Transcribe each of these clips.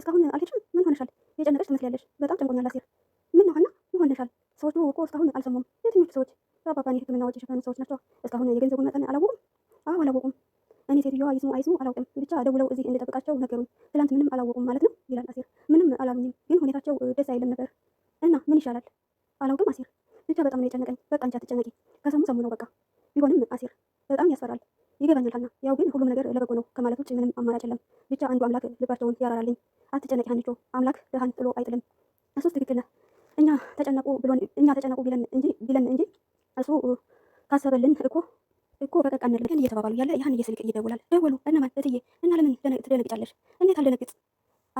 እስካሁን አልሄድሽም? ምን ሆነሻል? የጨነቀሽ ትመስያለሽ። በጣም ጨንቆኛል አሴር። ምን ነው ሀና፣ ምን ሆነሻል? ሰዎቹ እኮ እስካሁን አልሰሙም። የትኞቹ ሰዎች? የአባባን የሕክምና ወጪ የሸፈኑ ሰዎች ናቸው። እስካሁን የገንዘቡን መጠን አላወቁም? አዎ አላወቁም። እኔ ሴትዮዋ ይስሙ አይስሙ አላውቅም፣ ብቻ ደውለው እዚህ እንደጠብቃቸው ነገሩኝ። ትላንት ምንም አላወቁም ማለት ነው ይላል አሴር። ምንም አላሉኝም፣ ግን ሁኔታቸው ደስ አይልም ነበር። እና ምን ይሻላል? አላውቅም አሴር፣ ብቻ በጣም ነው የጨነቀኝ። በቃ አንቺ አትጨነቂ፣ ከሰሙ ሰሙ ነው በቃ። ቢሆንም አሴር በጣም ያስፈራል። ይገባኛል ሀና፣ ያው ግን ሁሉም ነገር ለበጎ ነው ከማለት ውጭ ምንም አማራጭ የለም። ብቻ አንዱ አምላክ ልባቸውን ያራራልኝ። አትጨነቂ ሀኒቾ፣ አምላክ ድሃን ጥሎ አይጥልም። እሱ ትክክል ነህ። እኛ ተጨነቁ ብሎን እኛ ተጨነቁ ቢለን እንጂ ቢለን እንጂ እሱ ካሰበልን እኮ እኮ ፈቀቅ አንልም። ግን እየተባባሉ ያለ የሀንዬ ስልክ ይደውላል። ደወሉ። እነማን? እትዬ እና ለምን ትደነግጫለሽ? እንዴት አልደነግጥ?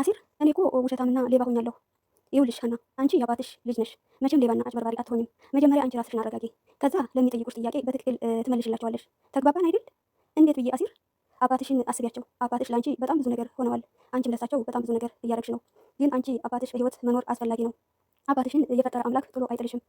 አሲር እኔ እኮ ውሸታምና ሌባ ሆኛለሁ። ይኸውልሽ ሀና፣ አንቺ የአባትሽ ልጅ ነሽ። መቼም ሌባና አጭበርባሪ አትሆኝም። መጀመሪያ አንቺ ራስሽን አረጋጊ፣ ከዛ ለሚጠይቁሽ ጥያቄ በትክክል ትመልሽላቸዋለሽ። ተግባባን አይደል? እንዴት ብዬ አሲር አባትሽን አስቢያቸው። አባትሽ ለአንቺ በጣም ብዙ ነገር ሆነዋል። አንቺም ለሳቸው በጣም ብዙ ነገር እያደረግሽ ነው። ግን አንቺ አባትሽ በህይወት መኖር አስፈላጊ ነው። አባትሽን የፈጠረ አምላክ ጥሎ አይጥልሽም።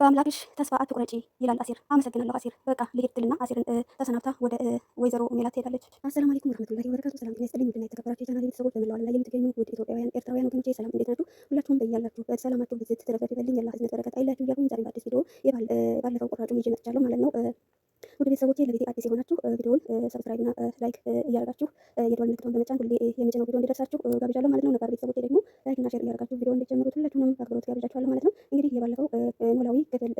በአምላክሽ ተስፋ አትቁረጪ ይላል አሴር። አመሰግናለሁ አሴር። በቃ ልሄድ ትልና አሴርን ተሰናብታ ወደ ወይዘሮ ሜላት ትሄዳለች። አሰላሙ አለይኩም ወረህመቱላሂ ወበረካቱ። ሰላም ጤና ይስጥልኝ ውድና የተከበራችሁ የቻናሌ ቤተሰቦች በመላው ዓለም ላይ የምትገኙ ውድ ኢትዮጵያውያን፣ ኤርትራውያን ወገኖቼ ሰላም እንዴት ናችሁ? ሁላችሁም በያላችሁበት ሰላማችሁ ብዝት ትረፍረፍ ይበልኝ። የአላህ እዝነት በረከት አይለያችሁ እያልኩኝ ዛሬ በአዲስ ቪዲዮ ባለፈው ቁራጩን ይዤ መጥቻለሁ ማለት ነው። ውድ ቤተሰቦቼ ለቤቴ አዲስ የሆናችሁ ቪዲዮውን ሰብስክራይብ እና ላይክ እያደረጋችሁ የደወል ምልክቱን በመጫን ሁሌ የምጭነው ቪዲዮ እንዲደርሳችሁ ጋብዣለሁ ማለት ነው። ነባር ቤተሰቦቼ ደግሞ ላይክ እና ሼር እያደረጋችሁ ቪዲዮ እንዲጀምሩት ሁላችሁንም አክብሮት ጋብዣችኋለሁ ማለት ነው። እንግዲህ የባለፈው ኖላዊ ክፍል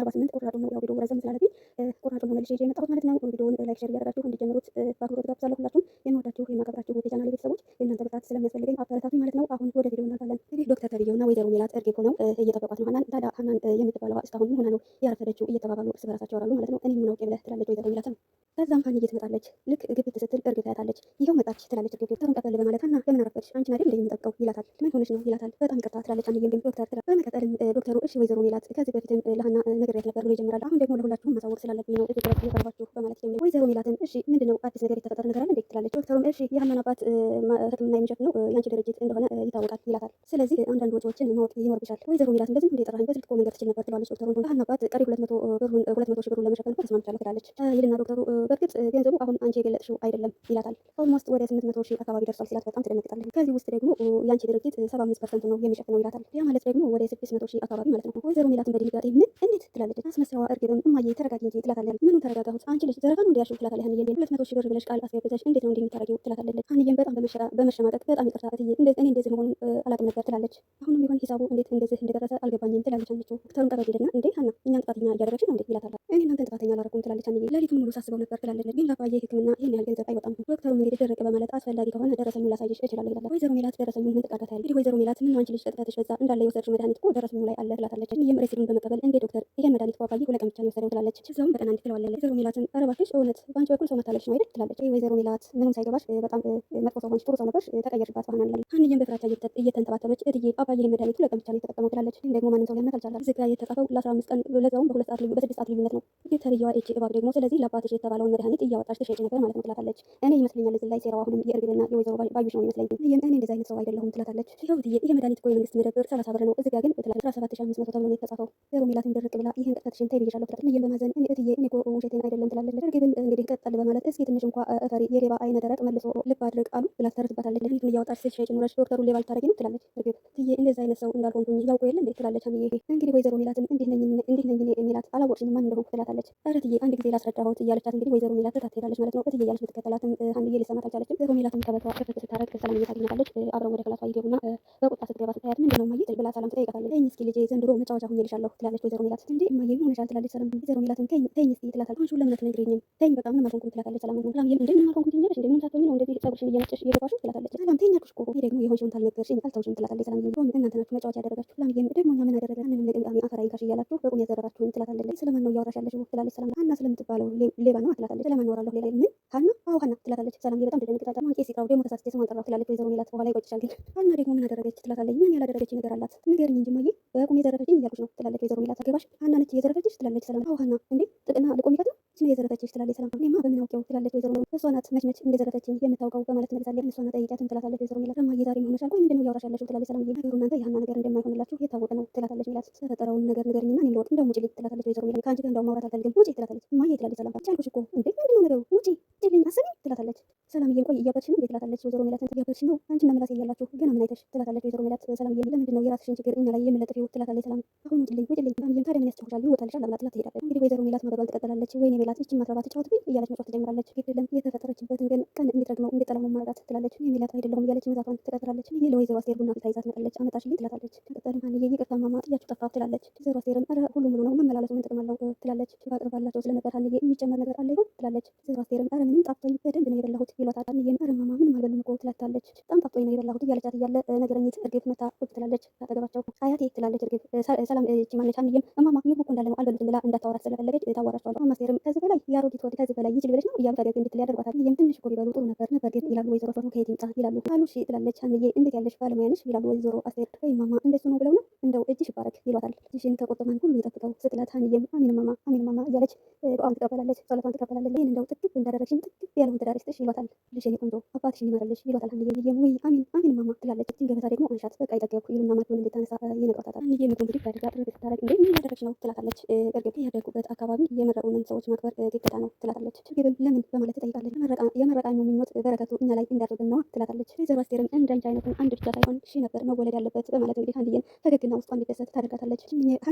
አርባ ስምንት ቆራጩ ነው። ያው ቪዲዮ ረዘም ስላለብኝ ቆራጩ ነው መልሼ ይዤ የመጣሁት ማለት ነው። ቪዲዮውን ላይክ፣ ሼር እያደረጋችሁ እንዲጀምሩት በአክብሮት ጋብዛለሁ። ሁላችሁም የምወዳችሁ የማከብራችሁ ውድ የቻናሌ ቤተሰቦች የእናንተ ብርታት ስለሚያስፈልገኝ አበረታቱኝ ማለት ነው። አሁን ወደ ቪዲዮ እናልፋለን። እንግዲህ ዶክተር ተብዬውና ወይዘሮ ሜላት እርግብ ሆነው እየጠበቋት ነው ሀናን። ታዲያ ሀናን የምትባለዋ እስካሁን ሆና ነው ያረፈደችው እየተባባሉ እርስ በራሳቸው ያወራሉ ማለት ነው። እኔ ምን አውቄ ብለህ ትላለች ወይዘሮ ሜላት ነው ከዛም ፋንዬ ትመጣለች። ልክ ግብት ስትል እርግብ ታያታለች። ይኸው መጣች ትላለች እርግብ። ተሩን ቀበል በማለት ና ለምን አረፈች አንቺን አይደል እንደ የምጠብቀው ይላታል። ምን ሆነች ነው ይላታል። በጣም ይቅርታ ትላለች። አንዬም ግን ዶክተር ትላለች። በመቀጠልም ዶክተሩ እሺ ወይዘሮ ሜላት ከዚህ በፊትም ለሀና ነግሬያት ነበር ብሎ ይጀምራል። አሁን ደግሞ ለሁላችሁም ማሳወቅ ስላለብኝ ነው እዚህ ድረስ እየቀረባችሁ በማለት ጀምር። ወይዘሮ ሜላትም እሺ ምንድን ነው አዲስ ነገር የተፈጠረ ነገር አለ እንዴት ትላለች። ዶክተሩም እሺ የሀናን አባት ሕክምና የሚሸፍነው የአንቺ ድርጅት እንደሆነ ይታወቃል ይላታል። ስለዚህ አንዳንድ ወጪዎችን ማወቅ ይኖርብሻል። ወይዘሮ ሜላትም በዚህ እንደ የጠራኝ በስልክ እኮ መንገድ ትችል ነበር ትለዋለች። ዶክተሩን ሀና አባት ቀሪ ሁለት መቶ ብሩን ሁለት መቶ ሺህ ብሩን ለመሸፈን ተስማምቻለሁ ትላለች ይልና ዶክተሩ በእርግጥ ገንዘቡ አሁን አንቺ የገለጥሽው አይደለም ይላታል። ኦልሞስት ወደ ስምንት መቶ ሺህ አካባቢ ደርሷል ሲላት በጣም ትደነግጣለች። ከዚህ ውስጥ ደግሞ የአንቺ ድርጅት ሰባ አምስት ፐርሰንት ነው የሚሸፍነው ይላታል። ያ ማለት ደግሞ ወደ ስድስት መቶ ሺህ አካባቢ ማለት ነው። ወይዘሮ ሜላትን በድንጋጤ ምን እንዴት ትላለች። አስመስለዋ እርግብም እማዬ ተረጋጊ እንጂ ትላታለች። ምኑ ተረጋጋሁት አንቺ ልጅ ዘረፋ ነው እንዲያልሽው ትላታለች። ሀኒዬ ሁለት መቶ ሺህ ብር ብለሽ ቃል አስገብተሽ እንዴት ነው እንዲህ የምታደርጊው ትላታለች። ሀኒዬም በጣም በመሸማቀቅ በጣም ይቅርታ እትዬ እኔ እንደዚህ መሆኑን አላውቅም ነበር ትላለች። አሁንም ቢሆን ሂሳቡ እንዴት እንደዚህ እንደደረሰ አልገባኝም ትላለች። አንቺ ዶክተሩን ቀበል ሄደና እንዴ ሀና እኛን ጥፋተኛ እያደረግሽ ነው እንዴ ይላታል። እኔ እናንተን ጥፋተኛ አላደረኩም ትላለች ሀኒዬ። ለሊቱን ሙሉ ሳስበው ነበር ነበር ትላለች። ግን ለአባዬ ሕክምና ይህን ያህል ገንዘብ አይወጣም። ዶክተሩም እንግዲህ ደረቀ በማለት አስፈላጊ ከሆነ ደረሰኙ ላሳይሽ እችላለሁ ይላል። ወይዘሮ ሜላት ደረሰኙን ምን ትቃዳታል? እንግዲህ ወይዘሮ ሜላት ምን አንቺ ልጅ ቅጥፈትሽ በዛ እንዳለ የወሰድሽው መድኃኒት እኮ ደረሰኙ ላይ አለ ትላታለች። ይህም ሬሲዱን በመቀበል እንዴ ዶክተር ይህን መድኃኒት እኮ ሁለት ቀን ብቻ ነው የወሰደው ትላለች። እዛውም በቀን አንድ ትለዋለች። ወይዘሮ ሜላትን ኧረ እባክሽ እውነት በአንቺ በኩል ሰው መታለች ነው አይደል ትላለች። ወይዘሮ ሜላት ምንም ሳይገባሽ በጣም መጥፎ ሰው ሆንሽ፣ ጥሩ ሰው ነበርሽ፣ ተቀየርሽባት ባህና ላለ አንድዬም በፍራቻ እየተንተባተበች እትዬ አባዬ መድኃኒት ሁለት ቀን ብቻ ነው የተጠቀመው ትላለች። ግን ደግሞ ማንም ሰው ሊያምናት አልቻለም። ዝጋ የተጻፈው ለአስራ አምስት ቀን ለዛውም በሁለት ሰዓት ልዩ በስድስት ሰዓት ልዩነት ነው። ይህ እጅ እባብ ደግሞ ስለዚህ ለአባትሽ የተባለው የሚባለውን መድኃኒት እያወጣች ትሸጭ ነበር ማለት ነው ትላታለች። እኔ ይመስለኛል እዚህ ላይ ሴራው አሁንም የእርግዝና የወይዘሮ ባዩሽ ነው የሚመስለኝ። ይህም እኔ እንደዚህ አይነት ሰው አይደለሁም ትላታለች። ይኸው ትዬ ይህ መድኃኒት እኮ የመንግስት መደብር ሰላሳ ብር ነው፣ እዚህ ጋ ግን ትላል አስራ ሰባት ሺህ አምስት መቶ ተብሎ ነው የተጻፈው። ዜሮ ሚላትን ድርቅ ብላ ይህን ቅጥፈትሽን ተይ ብዬሻለሁ ትላል። ይህም በማዘን እኔ እትዬ እኔ እኮ ውሸቴን አይደለም ትላለች። እርግብም እንግዲህ ቀጠል በማለት እስኪ ትንሽ እንኳ እፈሪ የሌባ አይነ ደረቅ መልሶ ልብ አድርግ አሉ ብላ ትተርትባታለች። ለፊት እያወጣች ስትሸጭ ኑረች ዶክተሩን ሌባ ልታረጊ ነው ትላለች። እርግብ ትዬ እንደዚህ አይነት ሰው እንዳልሆንኩኝ ያውቁ የለ እንዴት ትላለች። አንዬ እንግዲህ ወይዘሮ ሚላትም እንዲህ ነኝ እንዲህ ነኝ ሚላት አላወቅሽኝ ማን እንደሆንኩ ትላታለች። ኧረ ትዬ አንድ ጊዜ ላስረዳሁት እያለቻት እንግዲህ ወይዘሮ ሚላት ትታት ማለት ነው። እትዬ እያለች ብትከተላትም ሀንዬ ሊሰማት አልቻለችም። ወይዘሮ ሚላትም ከበቷ ክፍት ስታረግ ከሰላም እየታ ትመጣለች። አብረው ወደ ክላሷ ይገቡና በቁጣ ስትገባ ስታያት ምንድን ነው እማዬ ብላ ሰላም ትጠይቃታለች። ተይኝ እስኪ ልጄ ዘንድሮ መጫወቻ ሁኜልሻለሁ ትላለች ወይዘሮ ሚላት። እንዴ እማዬ ምን ሆነሻል ትላለች ሰላም። ወይዘሮ ሚላትም ተይኝ ተይኝ እስኪ ትላታለች። አንቺ ለምን አትነግሪኝም? ተይኝ በቃ ምንም አልሆንኩም ትላታለች ሰላም። ሰላም እንዴ ምን አልሆንኩም ትይኛለሽ እንዴ ምን ታቶኝ ነው እንደዚህ ጸጉርሽን እየነጨሽ እየገባሽ ትላታለች ሰላም። ተይኝ አልኩሽ እኮ ይሄ ደግሞ የሆንሽውን ታልነገርሽኝ አልተውሽም ትላታለች ሰላም። እናንተ ናችሁ መጫወቻ ያደረጋችሁ ሰላም። ደግሞ እኛ ምን አደረገ ምንም ንቅንቃሚ አፈር አይንካሽ እያላችሁ በቁም ያዘረጋችሁን ትላታለች። ስለማን ነው እያወራሽ ያለሽ ትላለች ሰላም። አና ስለምትባለው ሌባ ነው ትላታለች። ለማን አወራለሁ ሌላ ምን ሀና? አዎ ሀና ትላታለች። ሰላምዬ በጣም ደነግጣለች። ማንቄ ሲቀሩ ደግሞ ተሳስቼ ስሟን ጠራሁ ትላለች። ወይዘሮ ሜላት በኋላ ይቆጭሻል ግን ሀና ደግሞ ምን አደረገች ትላታለች። ምን ያላደረገች ነገር አላት ንገሪኝ እንጂ እማዬ በቁም የዘረፈችኝ እያልኩሽ ነው ትላለች። ወይዘሮ ሜላት አገባሽ ሀና ነች የዘረፈችሽ ትላለች። ሰላም አዎ ሀና እንዴ ጥቅና ልቆም ይፈት ነው እችን የዘረፈችሽ ትላለች ሰላም። እኔማ በምን አውቄው ትላለች ወይዘሮ ሜላት። እሷ ናት መች መች እንደዘረፈችኝ የምታውቀው በማለት ትመልሳለች። እሷ ናት ጠይቂያት ትላታለች ወይዘሮ ሜላት። እማዬ ዛሬ መሆንሻል ወይ ምንድን ነው እያወራሽ ያለሽው ትላለች ሰላም። ነገሩ እናንተ ያህና ነገር እንደማይሆንላችሁ የታወቀ ነው ትላታለች ሜላት። ተፈጠረውን ነገር ንገሪኝና እኔ ልወቅ እንደውም ውጪ ትላታለች ወይዘሮ ሜላት። ከአንቺ ጋር እንደውም ማውራት አልፈልግም ውጪ ትላታለች። እማዬ ትላለች ሰላም። ቻልኩሽ እኮ እንዴ ምንድን ነው ነገሩ ውጪ ልኝ አስቢ ትላታለች ሰላምዬ ቆይ እያበርሽ ነው ትላታለች ወይዘሮ ሜላት። እያበርሽ ነው አንቺና ምላሴ እያላችሁ ገና ምን አይተሽ ትላታለች ወይዘሮ ሜላት። ሰላምዬ ለምንድን ነው የራስሽን ችግር እኛ ላይ የምለጥፊው ትላታለች ሰላም። አሁን ውጭልኝ ውጭልኝ ሰላምዬም ታዲያ ምን ያስጨውሻል ይወጣልሻል አብላ ጥላት ትሄዳለች። እንግዲህ ወይዘሮ ሜላት ማድረጓን ትቀጥላለች። ወይኔ ሜላት ይቺ ማትረባ ትጫወትብኝ እያለች መጫወት ትጀምራለች። ግድ የለም የተፈጠረችበትን ግን ቀን እንዲረግመው እንዲጠላሙ ማድረጋት ትላለች። እኔ ሜላት አይደለሁም እያለች መዛቷን ትቀጥላለች። ይህ ለወይዘሮ አስቴር ቡና ብታይ ይዛት መጣለች። አመጣሽልኝ ትላታለች። ቀጠል ማንዬ ይቅርታ ማማ ጥያችሁ ጠፋ ትላለች። ወይዘሮ አስቴርም ኧረ ሁሉ ሙሉ ነው መመላለሱ ምን ጥቅም አለው ትላለች። ባቅርባላቸው ስለነበር ሀንዬ የሚጨመር ነገር አለ ይሆን ትላለች። ወይዘሮ አስቴርም ኧረ ምንም ጣፍቶኝ በደንብ ነው የበላሁት ይሏታል። የምርማማምን አልበልም እኮ ትላታለች። በጣም ጣፍጦኝ ነው የበላሁት እያለቻት እያለ ነገረኝት እርግብ መታ ቁጭ ትላለች። አጠገባቸው አያቴ ትላለች እርግብ። ሰላም እቺ ማነች አንዬም እማማ ምግቡ እንዳለ ነው አልበሉትም ብላ እንዳታወራት ስለፈለገች ታዋራቸዋለች። ማስቴርም ከዚህ በላይ ያሮጊት ወደ ከዚህ በላይ ይችል ብለች ነው እያሉ ታዲያ እንድትል ያደርጓታል። የም ትንሽ እኮ ቢበሉ ጥሩ ነበር ነበር ግን ይላሉ ወይዘሮ ሶ ከየት ይምጣ ይላሉ። አሉ እሺ ትላለች አንዬ። እንዴት ያለሽ ባለሙያ ነሽ ይላሉ ወይዘሮ አስቴር። ወይ ማማ እንደሱ ነው ብለው ነው እንደው እጅሽ ይባረክ ይሏታል። እጅሽን ከቆጠማን ሁሉ ይጠብቀው ስትላት አንዬም አሚን ማማ አሚን ማማ እያለች ዱዓውን ትቀበላለች፣ ጸሎቷን ትቀበላለች። ይህን እንደው ጥግብ እንዳደረግሽኝ ጥግብ ያለውን ትዳር ይስጥሽ ይሏታል። ልጅኔ ቆንጆ አባትሽን ይማረልሽ ይሏታል። አንዬ ልዬም ወይ አሚን አሚን ማማ ትላለች። እችን ገበታ ደግሞ አንሻት በቃ ይጠገብኩ ይሉና ማድሆን እንድታነሳ ይነግሯታል። አንዬ ምግብ እንግዲህ ባድርጋ ጥረት ስታረግ እንደ ምን እያደረገች ነው ትላታለች። እርግጥ ያደጉበት አካባቢ የመረቁንን ሰዎች ማክበር ግዴታ ነው ትላታለች። ችግብም ለምን በማለት ትጠይቃለች። የመረቃኙ ምኞት በረከቱ እኛ ላይ እንዳደረግን ነዋ ትላታለች። ወይዘሮ አስቴርም እንዳንቺ አይነቱን አንድ ብቻ ሳይሆን ሺ ነበር መወለድ ያለበት በማለት እንግዲህ አንዬን ፈገግና ውስጧ እንዲደሰት ታደርጋታለች።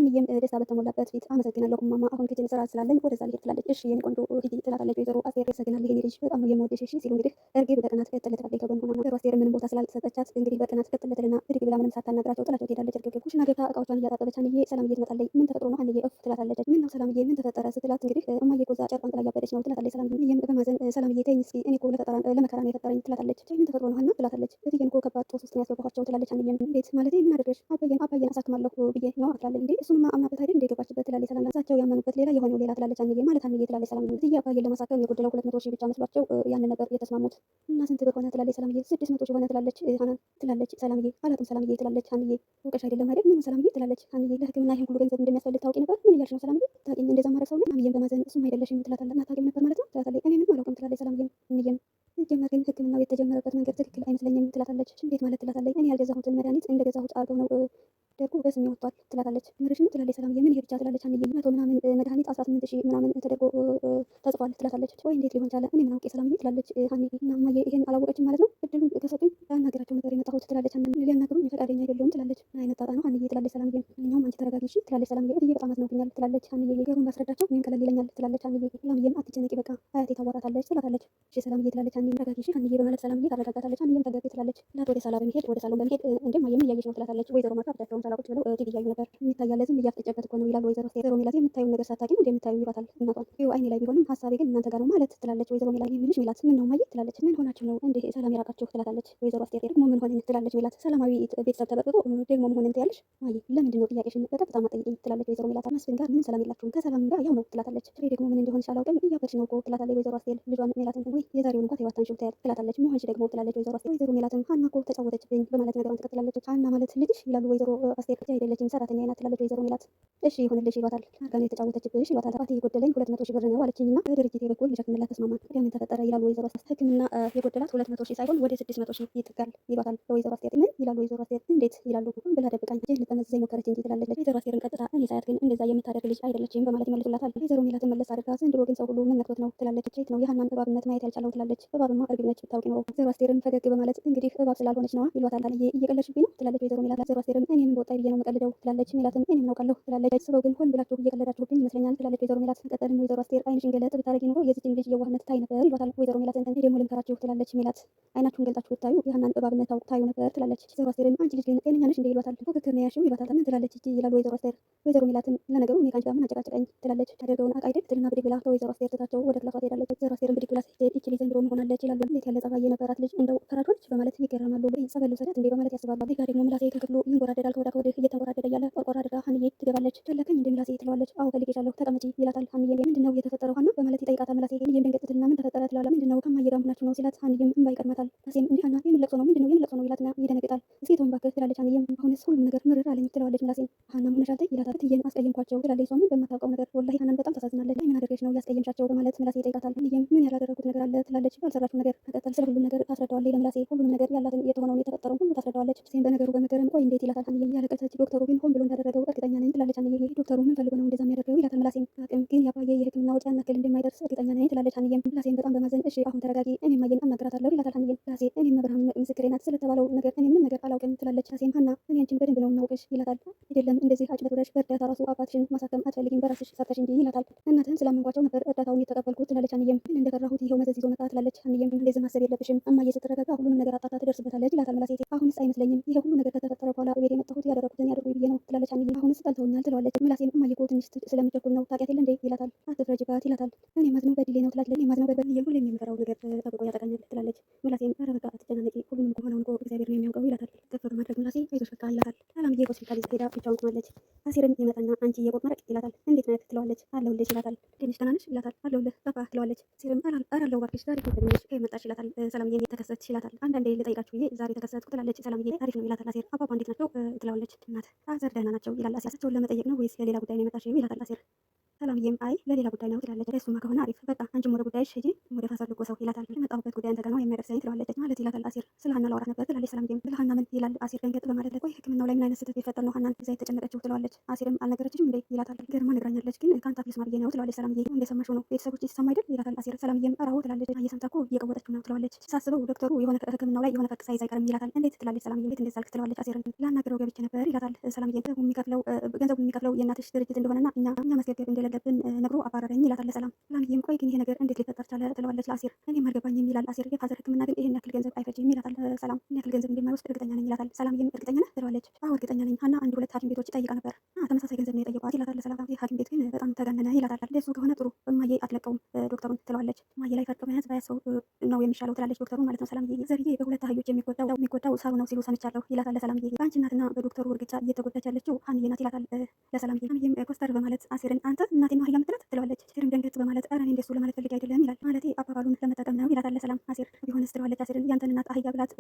አንዬም ደስታ በተሞላበት ፊት አመሰግናለሁ እማማ፣ አሁን ጊዜን ስራ ስላለኝ ወደዛ ልሄድ ትላለች። እሺ የኔ ቆንጆ ሂጂ ትላታለች። ወይዘሮ አስቴር ያመሰግናል ይሄኔ ልጅ በጣም ነው የምወደሽ እሺ ሲሉ እንግዲህ እርግብ በቅናት ቅጥል ተቀብላ ከጎን ሆና ነበር። አስቴር ምንም ቦታ ስላልሰጠቻት እንግዲህ በቅናት ቅጥል ትልና ብድግ ብላ ምንም ሳታናግራቸው ጥላቸው ትሄዳለች። እርግብ ግን ኩሽና ገብታ እቃዎቿን እያጣጠበች አንዬ ሰላምዬ ትመጣለች። ምን ተፈጥሮ ነው አንዬ እፍ ትላታለች። ምን ነው ሰላምዬ ምን ተፈጠረ ስትላት እንግዲህ እማዬ እኮ እዛ ጨርቋን ጥላ እያበደች ነው ትላታለች። ሰላምዬ ይህም በማዘን ሰላምዬ ተይኝ እስኪ እኔ እኮ ለፈጠራ ለመከራ ነው የፈጠረኝ ትላታለች። ምን ተፈጥሮ ነው ሀና ትላታለች። እትዬን እኮ ከባድ ጦስ ውስጥ ነው ያስገባኋቸው ትላለች። አንዬም እንዴት ማለት ምን አድርገሽ? አባዬን አባዬን አሳክማለሁ ብዬ ነው ትላለች። እንዴ እሱንማ አምናበት አይደል እንዴ የገባችበት ትላለች። ሰላም ራሳቸው ያመኑበት ሌላ የሆነው ሌላ ትላለች። አንዬ ማለት አንዬ ትላለች። ሰላም እትዬ አባዬን ለማሳከም የጎደለው ሁለት መቶ ሺህ ብቻ መስሏቸው ያንን ነበር የተስማሙት እና ስንት ብር ሆነ ትላለች ሰላምዬ። ስድስት መቶ ሺህ ሆነ ትላለች ሀናን ትላለች ሰላምዬ። አላውቅም ሰላምዬ ትላለች ሀንዬ። እውቀሽ አይደለም አይደል ምንም ሰላምዬ ትላለች ሀንዬ። ለህክምና ይህን ሁሉ ገንዘብ እንደሚያስፈልግ ታውቂ ነበር? ምን እያልሽ ነው ሰላምዬ? ታውቂኝ እንደዛ ማድረግ ሰው ነው ሀንዬም በማዘን እሱም አይደለሽም ትላታለች። እና ታውቂም ነበር ማለት ነው ትላታለች። እኔ ምንም አላውቅም ትላለች ሰላምዬም። እንዬም ሲጀመር ግን ሕክምናው የተጀመረበት መንገድ ትክክል አይመስለኝም ትላታለች። እንዴት ማለት ትላታለች። እኔ ያልገዛሁትን መድኃኒት እንደገዛሁት አድርገው ነው ደርጎ በስሜ ወጥቷል ትላታለች። ምርሽ ነው ትላለች። ሰላምዬ ምን ብቻ ትላለች። አንዬ መቶ ምናምን መድኃኒት አስራ ስምንት ሺህ ምናምን ተደርጎ ተጽፏል ትላታለች። ወይ እንዴት ሊሆን ቻለ? እኔ ምን አውቄ ሰላምዬ ትላለች። አንዬ እና ይሄን አላወቀችም ማለት ነው። እድሉን ከሰጡኝ ላናገራቸው ነገር የመጣሁት ትላለች። አንዬ ሊያናግሩኝ ፈቃደኛ አይደለሁም ትላለች። ምን አይነት ጣጣ ነው አንዬ ትላለች። ሰላምዬ እኛውም አንቺ ተረጋጊ እሺ ትላለች። ሰላምዬ እትዬ በጣም አዝነውብኛል ትላለች። አንዬ ነገሩን ባስረዳቸው እኔም ቀለል ይለኛል ትላለች። አንዬ ሰላምዬም አትጨነቂ በቃ አያቴ ታዋራታለች ትላታለች። እሺ ሰላምዬ ትላለች። አንዬ ተረጋጊ እሺ አንዬ በማለት ሰላምዬ ታረጋጋታለች። አንዬም ተረጋጊ ትላለች። ላት ወደ ሳላ በመሄድ ወደ ሳሎን በመሄድ እንዴ የምን እያየች ነው ትላታለች። ወይዘሮ ማርታ ብቻቸውን ሳላ ቁጭ ብለው ቲቪ እያዩ ነበር። የሚታያለ ዝም እያፍጠጨበት እኮ ነው ይላል ወይዘሮ ሜላት። የምታዩን ነገር ሳታገኝ ወደ ይሏታል እናቷን። ይኸው አይኔ ላይ ቢሆንም ሀሳቤ ግን እናንተ ጋር ነው ማለት ትላለች ወይዘሮ ሜላት። ልጅ ሜላት ምን ነው ማየት ትላለች። ምን ሆናችሁ ነው እንዴ ሰላም የራቃችሁ ትላታለች ወይዘሮ አስቴር። ደግሞ ምን ሆነን ትላለች ሜላት። ሰላማዊ ቤተሰብ ተበጥብጦ ደግሞ መሆን እንት ያለሽ ማየ ለምንድን ነው ጥያቄሽን በቀጥታ ማጠይቅኝ ትላለች ወይዘሮ ሜላት። መስፍን ጋር ምን ሰላም የላችሁም ከሰላም ጋር ያው ነው ትላታለች። ፍሬ ደግሞ ምን እንደሆንሽ አላውቅም እያበድሽ ነው እኮ ትላታለች ወይዘሮ አስቴር ልጇን ሜላትን። ወይ የዛሬውን እንኳ ተይዋታንሽም ታያል ትላታለች። መሆንሽ ደግሞ ትላለች ወይዘሮ አስቴር። ወይዘሮ ሜላትም ሀና እኮ ተጫወተችብኝ በማለት ነገሯን ትቀጥላለች። ሀና ማለት ልጅሽ ይላሉ ወይዘሮ አስቴር ጃ ሄደለችም ሰራተኛዬ ናት ትላለች ወይዘሮ ሚላት። እሺ ይሁንልሽ ይሏታል። አርጋን የተጫወተችብሽ ይሏታል። ጥፋት የጎደለኝ ሁለት መቶ ሺህ ብር ነው አለችኝ እና ድርጅቴ በኩል ልሸፍንላት ተስማማን። ወዲያ ምን ተፈጠረ ይላሉ ወይዘሮ አስቴር። ሕክምና የጎደላት ሁለት መቶ ሺህ ሳይሆን ወደ ስድስት መቶ ሺህ ይጠጋል ይሏታል ወይዘሮ አስቴር። ምን ይላሉ ወይዘሮ አስቴር። እንዴት ይላሉ ብላ ደብቃኝ ጅን ልጠመዝዘኝ ሞከረች እንጂ ትላለች ወይዘሮ አስቴርን። ቀጥታ እኔ ሳያት ግን እንደዛ የምታደርግ ልጅ አይደለችም በማለት ይመልሱላታል። ወይዘሮ ሚላትን መለስ አድርጋ ዘንድሮ ግን ሰው ሁሉ ምን ነክቶት ነው ትላለች። ቼት ነው የሀናን እባብነት ማየት ያልቻለው ትላለች። እባብማ እርግብ ነች ብታውቂ ኖሮ። ወይዘሮ አስቴርን ፈገግ በማለት እንግዲህ እባብ ስላልሆነች ነዋ ይሏታል። እየቀለድሽብኝ ነው ትላለች ወይዘሮ ሚላት። ወይዘሮ አስቴርም እኔ ምን በወጣ ቀጣይ ብዬ ነው መቀልደው ትላለች። ሜላትም እኔም እናውቃለሁ ትላለች። ስበው ግን ሆን ብላችሁ እየቀለዳችሁብኝ ይመስለኛል ትላለች ወይዘሮ ሜላት። ቀጥልም ወይዘሮ አስቴር አይንሽን ገለጥ ብታረጊ ኑሮ የዚችን ልጅ የዋህነት ታይ ነበር ይሏታል ወይዘሮ ሜላት። እንትን ደግሞ ልምከራችሁ ትላለች ሜላት። አይናችሁን ገልጣችሁ ብታዩ የሀናን ጥበብነት ታውቁ ታዩ ነበር ትላለች ወይዘሮ አስቴርም። አንቺ ልጅ ግን ጤነኛ ነሽ እንደ ይሏታል። ፉክክር ነው ያልሽው ይሏታል። ምን ትላለች እጅ ይላል ወይዘሮ አስቴር። ወይዘሮ ሜላትም ለነገሩ እኔ ከአንቺ ጋር ምን አጨቃጨቀኝ ትላለች። ታደርገውን አቃይደግ ትልና ብድግ ብላ ከወይዘሮ አስቴር ትታቸው ወደ ክላሷ ትሄዳለች። ወይዘሮ አስቴርም ብድግ ብላ ስትሄድ ይቺ ልጅ ዘንድሮ መሆናለች ይላሉ። እንዴት ያለ ጸባይ የነበራት ልጅ እንደው ፈራጆች በማለት ይገረማሉ። ጸበል ውሰዳት እንዴ በማለት ያስባሉ። ጋ ደግሞ ምላሴ ከክፍሉ ይንጎራደዳል ከወዳ ተንቀጥቅጦ ወዲህ እየተንጎራደደ እያለ ቆርቆራ አድርጋ ሀንዬ ትገባለች። ጨለከኝ እንደ ምላሴ ትለዋለች። አዎ ፈልጌሻለሁ ተቀመጪ ይላታል። ሀንዬ ምንድን ነው እየተፈጠረው ሀና በማለት ይጠይቃታል። ምላሴ ሀንዬም ደንገጥትና ምን ተፈጠረ ትላለች። ምንድን ነው ከማየጋም ነው ሲላት ሀንዬም እንባ ይቀድማታል። ምላሴም እንዲህ ሀና የምለቅሶ ነው ምንድን ነው የምለቅሶ ነው ይላትና ይደነግጣል። ሴቷን ባክህ ትላለች። አንዬም አሁንስ ሁሉም ነገር ምርር አለኝ ትለዋለች። ምላሴን ሀናም ሆነሻል ተይ ይላታል። እትዬን አስቀየምኳቸው ትላለች። ሷም በማታውቀው ነገር ወላሂ ሀናን በጣም ታሳዝናለች። ምን አደረገች ነው ያስቀየምሻቸው በማለት ምላሴ ይጠይቃታል። አንዬም ምን ያላደረጉት ነገር አለ ትላለች። ባልሰራችው ነገር ከቀጠል ስለ ሁሉም ነገር ታስረዳዋለች ለምላሴ። ሁሉም ነገር ያላትን የተሆነውን የተፈጠረውን ሁሉ ታስረዳዋለች። ሴም በነገሩ በመገረም ቆይ እንዴት ይላታል። አንዬም ያለቀሰች ዶክተሩ ግን ሆን ብሎ እንዳደረገው እርግጠኛ ነኝ ትላለች። አንዬ ዶክተሩ ምን ፈልጎ ነው እንደዛ የሚያደርገው ይላታል። ምላሴ። አቅም ግን ያባዬ የሕክምና ወጪ ያናክል እንደማይደርስ እርግጠኛ ነኝ ትላለች። አንዬም ምላሴም በጣም በማዘን እሺ አሁን ተረጋጊ እኔ ማየን አናግራታለሁ ይላታል። አንዬም ምላሴ እኔ መብርሃን ምስክሬ ናት ስለተባለው ነገር እኔ ምን ነገር አላውቅም ትላለች። ራሴን ሀና እኔ አንቺን በደንብ ነው የማውቅሽ ይላታል። አይደለም እንደዚህ አጭበርብረሽ በእርዳታ ራሱ አባትሽን ማሳከም አትፈልጊም በራስሽ ሰርተሽ እንጂ ይላታል። እናትህን ስላመንኳቸው ነበር እርዳታውን የተቀበልኩት ትላለች። አንየም ግን እንደፈራሁት ይኸው መዘዝ ይዞ መጣ ትላለች። አንየም እንደዚህ ማሰብ የለብሽም እማዬ ስትረጋጋ ሁሉንም ነገር አጣታ ትደርስበታለች ይላታል። መላሴቴ አሁንስ አይመስለኝም ይሄ ሁሉ ነገር ከተፈጠረ በኋላ ቤት የመጣሁት ያደረኩትን ያደርጉ ብዬ ነው ትላለች። አንየም አሁንስ ጠልተውኛል ትለዋለች። መላሴም እማዬ እኮ ትንሽ ስለምቸኩል ነው ታውቂያት የለ እንዴ ይላታል። አትፍረጅባት ይላታል። እኔ ማዝነው በድሌ ነው ትላለች። እኔ ማዝነው በድሌ ሁሉ የሚመራው ነገር ጠብቆ ያጠቃኛል ትላለች። መላሴም ረበቃ አትጨናነቂ ሁሉንም ከሆነውን እግዚአብሔር ነው የሚያውቀው ይላታል። ገፈሩ ማድረግ ነው ራሴ አይዞሽ በቃ አላታል። ሰላምዬ ሆስፒታል ይዛ ሄዳ ብቻውን ቆማለች። አሲርም ይመጣና አንቺ የቆብ መረቅ ይላታል። እንዴት ነህ ትለዋለች። አለሁልሽ ይላታል። ትንሽ ደህና ነሽ ይላታል። አለሁልህ ጠፋ ትለዋለች። አሲርም አራለው ባክሽ ዛሬ ትንሽ ከመጣሽ ይላታል። ሰላምዬ ተከሰትሽ ይላታል። አንዳንዴ ልጠይቃችሁ ብዬ ዛሬ ተከሰትኩ ትላለች። ሰላምዬ አሪፍ ነው ይላታል። አሲር አባባ እንዴት ናቸው ትለዋለች። እናት አዘር ደህና ናቸው ይላል። አሲር ሰቸውን ለመጠየቅ ነው ወይስ ለሌላ ጉዳይ ነው የመጣሽ ይላታል። አሲር ሰላምዬም አይ ለሌላ ጉዳይ ነው ትላለች። እሱማ ከሆነ አሪፍ በቃ አንቺም ወደ ጉዳይሽ ሂጂ፣ ወደ ፋሳ ልጎሰው ይላታል። የመጣሁበት ጉዳይ አንተ ጋር ነው የሚያደርሰኝ ትለዋለች። ማለት ይላታል አሲር ስለ ሀና ላወራት ነበር ትላለች ሰላምዬም። ስለ ሀና ምን ይላል አሲር ደንገጥ በማለት ቆይ ሕክምናው ላይ ምን አይነት ስህተት ቢፈጠር ነው ሀናን እዛ የተጨነቀችው ትለዋለች። አሲርም አልነገረችሽም እንዴ ይላታል። ግርማ ነግራኛለች፣ ግን ከአንተ አፍ ልስማ ብዬሽ ነው ትለዋለች ሰላምዬ። እንደሰማሽው ነው ቤተሰቦች ይሰማ አይደል ይላታል አሲር። ሰላምዬም አዎ ትላለች። እየሰምታ እኮ እየቀወጠችው ነው ትለዋለች። ሳስበው ዶክተሩ የሆነ ሕክምናው ላይ የሆነ ፈቅ ሳይዝ አይቀርም ይላታል። እንዴት ትላለች ሰላምዬ። እንዴት እንደዛ ትለዋለች አሲር። ላናግረው ገብቼ ነበር ይላታል ሰላምዬ። ገንዘቡ የሚከፍለው የእናትሽ ድርጅት እንደሆነና እኛ እኛ ማስገገብ እንደሌለ እንዳለብን ነግሮ አባረረኝ ይላታል ለሰላም። ሰላምዬም ቆይ ግን ይሄ ነገር እንዴት ሊፈጠር ቻለ ትለዋለች ለአሴር። እኔም አልገባኝም ይላል አሴር። የፋዘር ሕክምና ግን ይሄን ያክል ገንዘብ አይፈጅም ይላታል ሰላም። ይሄን ያክል ገንዘብ እንደማይወስድ እርግጠኛ ነኝ ይላታል ሰላምዬም። እርግጠኛ ነህ ትለዋለች። አዎ እርግጠኛ ነኝ ሀና አንድ ሁለት ሐኪም ቤቶች ጠይቃ ነበር ተመሳሳይ ገንዘብ ነው የጠየቋት ይላታል ለሰላም። ሐኪም ቤት ግን በጣም ተጋነነ ይላታል። እንደሱ ከሆነ ጥሩ እማዬ አትለቀውም ዶክተሩን ትለዋለች። እማዬ ላይ ፈርጦ መያዝ ባያሰው ነው የሚሻለው ትላለች ዶክተሩ ማለት ነው ሰላምዬ። ዘርዬ በሁለት አህዮች የሚጎዳው የሚጎዳው ሳሩ ነው ሲሉ ሰምቻለሁ ይላታል ለሰላምዬ። በአንቺ እናትና በዶክተሩ እርግጫ እየተጎዳች ያለችው ሀንዬ ናት ይላታል ለሰላምዬ። ሀንዬም ኮስተር በማለት አሴርን አንተ እናቴ ማህያ ምትላት ትለዋለች። አሴርም ደንገጥ በማለት ኧረ እኔ እንደሱ ለማለት ፈልጌ አይደለም ይላል። ማለቴ አባባሉን ለመጠቀም ነው ይላታል። ሰላም አሴር ቢሆንስ ትለዋለች። አሴርን ያንተን እናት አህያ ብላት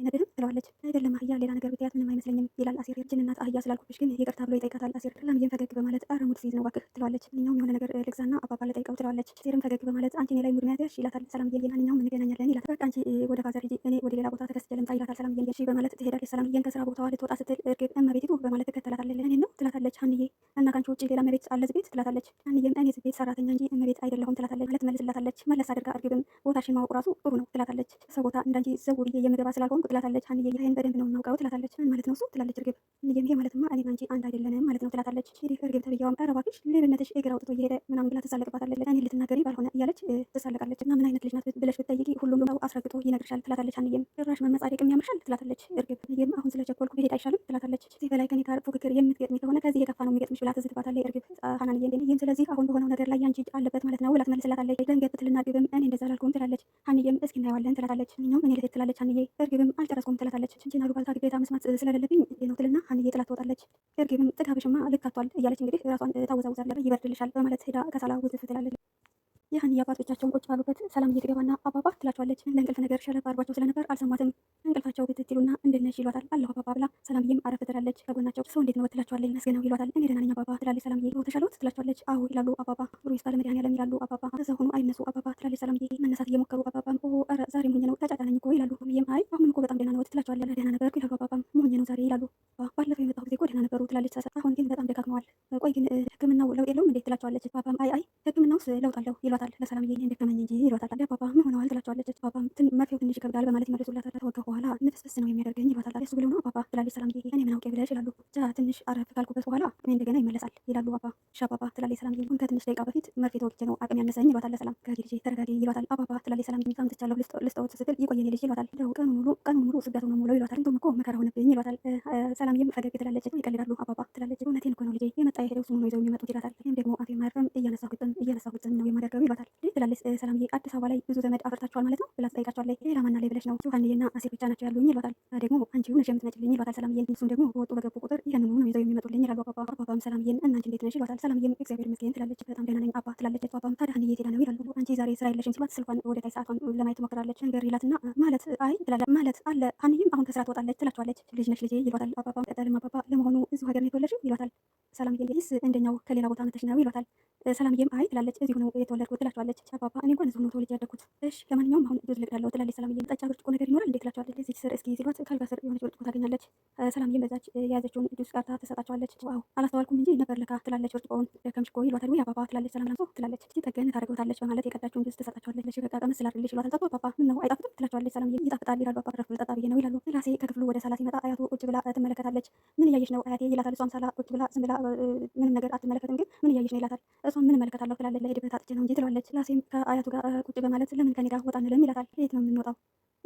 ይነግርም ትለዋለች። አይደለም አህያ ሌላ ነገር ብትያት ምንም አይመስለኝም ይላል። አሴር እችን እናት አህያ ስላልኩብሽ ግን ይቅርታ ብሎ ይጠይቃታል። አሴር ላምዬም ፈገግ በማለት ኧረ ሙድ ሲይዝ ነው እባክህ ትለዋለች። እኛውም የሆነ ነገር ልግዛና አባባል ልጠይቀው ትለዋለች። አሴርም ፈገግ በማለት አንቺ እኔ ላይ ሙድ መያዝ ይላታል። ሰላም ዬ ማንኛውም እንገናኛለን ይላታል። በቃ አንቺ ወደ ፋዘር ሂጂ እኔ ወደ ሌላ ቦታ ተከስቼ ልምጣ ይላታል። ሰላም ዬ በማለት ትሄዳለች። ሰላም ዬን ከስራ ቦታዋ ልትወጣ ስትል እርግብ እመቤቴቱ በማለት ትከተላታለች። እኔን ነው ትላታለች። ሀንዬ እና ከአንቺ ውጭ ሌላ እመቤት አለዝ ቤት ትላታለች። ትላታለች። አንዬም እኔ ቤት ሰራተኛ እንጂ እመቤት አይደለሁም ትላታለች። ማለት መልስላታለች። መለስ አድርጋ እርግብም ቦታሽን ማወቅ ራሱ ጥሩ ነው ትላታለች። ሰው ቦታ እንዳንቺ ዘው ብዬ የምገባ ስላልሆንኩ ትላታለች። አንዬ ይህን በደንብ ነው የማውቀው ትላታለች። ምን ማለት ነው እሱ ትላለች እርግብ። አንዬም ይሄ ማለትማ እኔና አንቺ አንድ አይደለንም ማለት ነው ትላታለች። እንግዲህ እርግብ ተብያውም ኧረ እባክሽ ልብነትሽ እግር አውጥቶ እየሄደ ምናምን ብላ ትሳለቅባታለች። እኔ ልትናገሪ ባልሆነ እያለች ትሳለቃለች። እና ምን አይነት ልጅ ናት ብለሽ ብትጠይቂ ሁሉም ሰው አስረግጦ ይነግርሻል ትላታለች። አንዬም ጭራሽ መመጻደቅ የሚያምርሻል ትላታለች እርግብ። አንዬም አሁን ስለቸኮልኩ ብሄድ አይሻልም ትላታለች። እዚህ በላይ ከኔ ጋር ፉክክር የምትገጥሚ ከሆነ ከዚህ የከፋ ነው የሚገጥምሽ ብላ ትዝትባታለች እርግብ ሀናንዬ አለብኝ። ስለዚህ አሁን በሆነው ነገር ላይ ያንቺ እጅ አለበት ማለት ነው ብላ ትመልስላታለች። ደንገት ልናግብም እኔ እንደዛ አላልኩም ትላለች። ሀንዬም እስኪ እናየዋለን ትላታለች። እኛም እኔ ልትሄድ ትላለች። ሀንዬ እርግብም አልጨረስኩም ትላታለች። ችንችን አሉባልታ ግዴታ መስማት ስለሌለብኝ ነው ትልና ሀንዬ ጥላት ትወጣለች። እርግብም ጥጋብሽማ ልካቷል አቷል እያለች እንግዲህ ራሷን ታወዛውዛለ ይበርድልሻል በማለት ሄዳ ከሳላ ውዝፍ ትላለች። ይህን የአባቶቻቸውን ቁጭ ባሉበትን ሰላም እየተገባና አባባ ትላቸዋለች። ለእንቅልፍ ነገር ሸለብ አድርጓቸው ስለነበር አልሰማትም። እንቅልፋቸው ብትትሉና እንድነሽ ይሏታል። አለሁ አባባ ብላ ሰላምዬም አረፍ ትላለች። ከጎናቸው ሰው እንዴት ነው ትላቸዋለች። መስገነው ይሏታል። እኔ ደህና ነኝ አባባ ትላለች ሰላምዬ። ተሻሎት ትላቸዋለች። አሁ ይላሉ አባባ። ብሩ ይስጣል መድኃኒዓለም ይላሉ አባባ። እዛ ሆኖ አይነሱ አባባ ትላለች ሰላምዬ። መነሳት እየሞከሩ አባባ ኦ ረ ዛሬ ሆኜ ነው ተጫጫነኝ እኮ ይላሉ። ምዬም አይ አሁን እኮ በጣም ደህና ነው ትላቸዋለች። ደህና ነበር ይላሉ አባባ። ሞኜ ነው ዛሬ ይላሉ። ባለፈው የመጣሁ ጊዜ እኮ ደህና ነበሩ ትላለች። አሁን ግን በጣም ደካክመዋል። ቆይ ግን ህክምናው ለውጥ የለውም እንዴት ትላቸዋለች። አባባም አይ አይ ቢያንስ ለውጥ አለው ይሏታል። ለሰላምዬ እንዴት ከመኝ እንጂ ይሏታል። ታዲያ ምን ሆነዋል ትላቸዋለች። መርፌው ትንሽ ይከብዳል በማለት ይመልሱላታል። ከወጋሁ በኋላ ንፍስፍስ ነው የሚያደርገኝ ይሏታል። ታዲያ እሱ ብለው ነው አባባ ትላለች ሰላምዬ። እኔ ምን አውቄ ብለሽ ይላሉ። ብቻ ትንሽ አረፍ ካልኩበት በኋላ እንደገና ይመለሳል ይላሉ አባ ሻባባ ትላለች ሰላምዬ። እንኳን ከትንሽ ደቂቃ በፊት መርፌ ተወግቼ ነው አቅም ያነሰኝ ይሏታል። ሰላም ተረጋጊ ልጄ ተረጋጊ ይሏታል። አባባ ትላለች ሰላምዬ። ከምትቻለሁ ልስጠውት ስትል ይቆየኝ ልጄ ይሏታል። እንደው ቀኑን ሙሉ ቀኑን ሙሉ ስጋቱ ነው ሙሉ ይሏታል። እንደውም እኮ መከራ ሆነብኝ ይሏታል። ሰላምዬም ፈገግ ትላለች። ይቀልዳሉ አባባ ትላለች። እውነቴን እኮ ነው ልጄ የመጣ የሄደው ስሙ ነው ይዘው የሚመጡት ይላታል። ይህም ደግሞ አፌ ማረም እያነሳሁ ግጥም ነው የማደርገው ይሏታል። ትላለች ሰላምዬ። አዲስ አበባ ላይ ብዙ ዘመድ አፈርታችኋል ማለት ነው ብላ ትጠይቃቸዋለች። ሌላ ማና ላይ ብለሽ ነው ጆሀንዬና አሴር ብቻ ናቸው ያሉኝ ይሏታል። ደግሞ አንቺ ሁነሽ የምትመጪልኝ ይሏታል ሰላምዬ። እሱም ደግሞ በወጡ በገቡ ቁጥር ይህንኑ ነው ይዘው የሚመጡልኝ ይላሉ አባባ አባባም ሰላምዬን እና አንቺ እንዴት ነሽ ይሏታል። ሰላምዬም እግዚአብሔር ይመስገን ትላለች። በጣም ደህና ነኝ አባ ትላለች። አባም ታዲያ ሀኒዬ የት ነው ይላሉ። አንቺ ዛሬ ስራ የለሽም ሲሏት ስልኳን ወደ ታይ ሰዓቷን ለማየት ትሞክራለች። ነገር ይላትና ማለት አይ ትላለች። ማለት አለ ሀኒዬም አሁን ከስራ ትወጣለች ትላቸዋለች። ልጅ ነሽ ልጄ ይሏታል። አባባም ቀጠልም አባባ ለመሆኑ እዚሁ ሀገር ነው የተወለድሽው ይሏታል። ሰላምዬም ይስ እንደኛው ከሌላ ቦታ መተሽ ነው ይሏታል። ሰላምዬም አይ ትላለች። እዚሁ ነው የተወለድኩት ትላቸዋለች። አባባ እኔ እንኳን እዚሁ ነው ተወልጄ ያደግኩት። እሽ ለማንኛውም አሁን ጁዝ ልቅዳለሁ ትላለች። ሰላምዬም ጠጫ ብርጭቆ ነገር ይኖራል እንዴት ትላቸዋለች። እዚህ ስር እስኪ ሲሏት ካልጋ ስር የሆነች ብርጭቆ ታገኛለች። ሰላምዬም በዛች የያዘችውን ጁዝ ቀርታ ትሰጣቸዋለች። ዋው አላስተዋልኩም እንጂ ነበር ተካ ትላለች። ወርጭቆውን ደከምሽ እኮ ይሏታል። ውይ አባባ ትላለች። ሰላም ላንሶ ትላለች። ሲጠገን ታደርገታለች በማለት የቀዳችውን ጁስ ትሰጣቸዋለች። ለሽ በቃ ይሏታል። ጠጡ አባባ ምን ነው አይጣፍጥም ትላቸዋለች። ሰላም ይጣፍጣል ይላሉ። አባ ረፍ ልጠጣ ብዬ ነው ይላሉ። ስላሴ ከክፍሉ ወደ ሳላ ሲመጣ አያቱ ቁጭ ብላ ትመለከታለች። ምን እያየሽ ነው አያቴ ይላታል። እሷም ሳላ ቁጭ ብላ ዝም ብላ ምንም ነገር አትመለከትም፣ ግን ምን እያየሽ ነው ይላታል። እሷም ምን እመለከታለሁ ትላለች። ለሄድበት አጥቼ ነው እንጂ ትለዋለች። ስላሴም ከአያቱ ጋር ቁጭ በማለት ለምን ከኔ ጋር ወጣ እንልም ይላታል። የት ነው የምንወጣው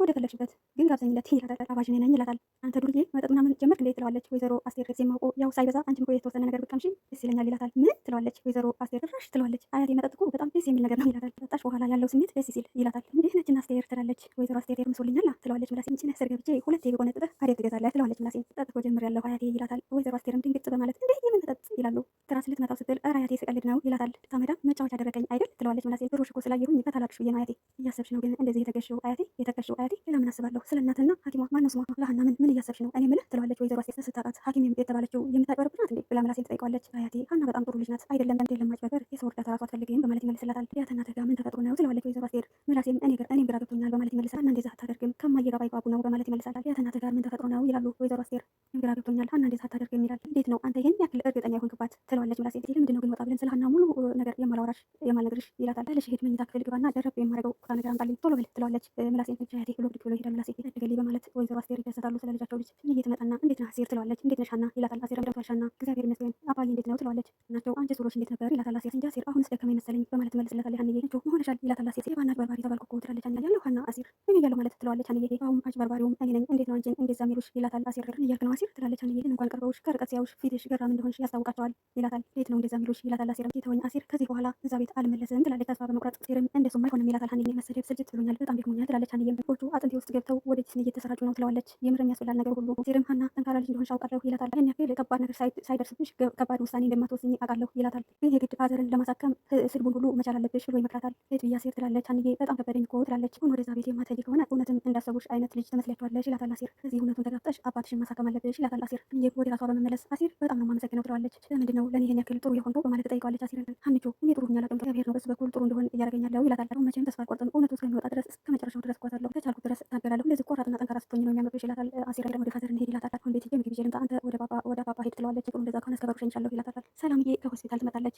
ወደ ፈለግሽበት ግን ጋብዘኝለት ይላታል። አባዥ ነኝ ይላታል። አንተ ዱርዬ መጠጥ ምናምን ጀመርክ እንዴት ትለዋለች ወይዘሮ አስቴር። ጊዜ ማውቆ ያው ሳይበዛ አንቺ ምኮ የተወሰነ ነገር ብትቀምሺ ደስ ይለኛል ይላታል። ምን ትለዋለች ወይዘሮ አስቴር። ራሽ ትለዋለች። አያቴ መጠጥ እኮ በጣም ደስ የሚል ነገር ነው ይላታል። ጠጣሽ በኋላ ያለው ስሜት ደስ ሲል ይላታል። እንዴት ነችና አስቴር ትላለች ወይዘሮ አስቴር። የምሶልኛል ትለዋለች ምላሴ። እንቺ ነህ ገብቼ ሁለት የቆነ ጥጥህ አዴር ትገዛለህ ትለዋለች ምላሴ። ጠጥቶ ጀምር ያለው አያቴ ይላታል። ወይዘሮ አስቴርም ድንግጥ በማለት እንዴ የምን መጠጥ ይላሉ። ከራስ ልትመጣው ስትል እረ አያቴ ስቀልድ ነው ይላታል። ታመዳ መጫወቻ አደረገኝ አይደል ትለዋለች። ምናሴ ብሮሽ እኮ ስላየሁኝ በታላልሽ ብዬ ነው አያቴ። እያሰብሽ ነው ግን እንደዚህ የተገሽው አያቴ የተገሽው አያቴ ሌላ ምን አስባለሁ? ስለ እናትና ሐኪሟ ማነው ስሟ ላህና ምን ምን እያሰብሽ ነው? እኔ ምልህ ትለዋለች። ወይዘሮ አስቴር ስታጣት ሐኪም የተባለችው የምታቀርብ ናት እንዴ ብላ ምናሴን ትጠይቋለች። አያቴ ሀና በጣም ጥሩ ልጅ ናት አይደለም በንዴ ለማጭበርበር የሰው እርዳታ ራሱ አትፈልግም በማለት ይመልስላታል። ያተና ተጋ ምን ተፈጥሮ ነው ትለዋለች። ወይዘሮ አስቴር ምናሴም እኔ ግር እኔም ግራ ገብቶኛል በማለት ይመልሳል። እና እንደዛ አታደርግም ከማየጋባ ይባቡ ነው በማለት ይመልሳል። ያተና ተጋ ምን ተፈጥሮ ነው ይላሉ ወይዘሮ አስቴር ግራ ገብቶኛል፣ ሀና እንዴት አታደርግ የሚላል። እንዴት ነው አንተ ይህን ያክል እርግጠኛ የሆንክባት ትለዋለች። ምላሴ ሴ ምንድን ነው ግን ወጣ ብለን ስለ ሀና ሙሉ ነገር የማላወራሽ የማልነግርሽ ይላታል። ለሽ ሄድ መኝታ ክፍል ግባና ደረብ የማደርገው ኩታ ነገር አምጣልኝ ቶሎ በል ትለዋለች። ምላሴ ቻያቴ ብሎ ብድግ ብሎ ሄዳል። ምላሴ ያድገል በማለት ወይዘሮ አስቴር ይደሰታሉ። ስለ ልጃቸው ልጅ እየተመጣና እንዴት ነህ አስቴር ትለዋለች። እንዴት ነሽ ሀና ይላታል። አስቴር ምደቷል ሻና እግዚአብሔር ይመስገን አባዬ እንዴት ነው ትለዋለች። ናቸው አንቺ ሱሮሽ እንዴት ነበር ይላታል። አስቴር እንጃ አስቴር አሁንስ ደከመኝ መሰለኝ በማለት መልስለታል። ሀንዬ እንጆ መሆነሻል ይላታል። አስቴር ሴባና አጭበርባሪ ተባልኩ እኮ ትላለች። ሀና ያለው ሀና አስቴር እኔ እያለሁ ማለት ትለዋለች። ሀንዬ አሁን አጭበርባሪውም እኔ ነኝ እንዴት ነው አንቺን እንደዛ ሚሉሽ ይላታል። አስቴር እያልክ ነው አስቴር ትላለች ሀንዬ። እንኳን ቀርበውሽ ከርቀት ሲያዩሽ ፊትሽ ገራም እንደሆንሽ ያስታውቃቸዋል ይላታል። ቤት ነው እንደዛ የሚሉሽ ይላታል አሴርም። የተወኝ አሴር ከዚህ በኋላ እዛ ቤት አልመለስም ትላለች ተስፋ በመቁረጥ አሴርም እንደሱም አይሆንም ይላታል ሀንዬ። መሰደብ ስልጭት ብሎኛል በጣም ደክሞኛል ትላለች ሀንዬም። ልቦቹ አጥንቴ ውስጥ ገብተው ወደ ጅስሜ እየተሰራጩ ነው ትለዋለች። የምርም ያስብላል ነገር ሁሉ አሴርም ሀና ጠንካራ ልጅ እንደሆንሽ አውቃለሁ ይላታል። ያን ያክል ከባድ ነገር ሳይደርስብሽ ከባድ ውሳኔ እንደማትወስኝ አውቃለሁ ይላታል። ግን የግድ ፋዘርን ለማሳከም ስድቡን ሁሉ መቻል አለብሽ ብሎ ይመክራታል። ቤት ብዬ አሴር ትላለች ሀንዬ። በጣም ከበደኝ እኮ ትላለች። ሁን ወደዛ ቤት የማትሄጂ ከሆነ እውነትም እንዳሰቡሽ አይነት ልጅ ትመስላችኋለሽ ይላታል አሴር። ከዚህ እውነቱን ተጋፍጠሽ አባትሽን ማሳከም አለብሽ ይላታል አሲር። እኔ ወደ ራሷ በመመለስ አሲር በጣም ነው የማመሰግነው ትለዋለች። ለምንድን ነው ለእኔ ይሄን ያክል ጥሩ የሆንኩ በማለት ትጠይቀዋለች አሲርን። ሀኒቾ እኔ ጥሩ ሆኛለሁ፣ እግዚአብሔር ነው በሱ በኩል ጥሩ እንደሆን እያደረገኛለሁ ይላታል። መቼም ተስፋ አልቆርጥም፣ እውነቱ እስከሚወጣ ድረስ እስከ መጨረሻው ድረስ ጓዛለሁ፣ ከቻልኩት ድረስ ታገላለሁ። እንደዚህ ቆራጥና ጠንካራ ስትሆኝ ነው የሚያምርብሽ ይላታል አሲር። ደግሞ ወደ ፋዘር እንሄድ ይላታል። አሁን ቤት ምግብ ይዤ ልምጣ፣ አንተ ወደ ባባ ወደ ባባ ሄድ ትለዋለች። ጥሩ እንደዛ ከሆነ እስከ በሩ እሸኝሻለሁ ይላታል። ሰላምዬ ከሆስፒታል ትመጣለች።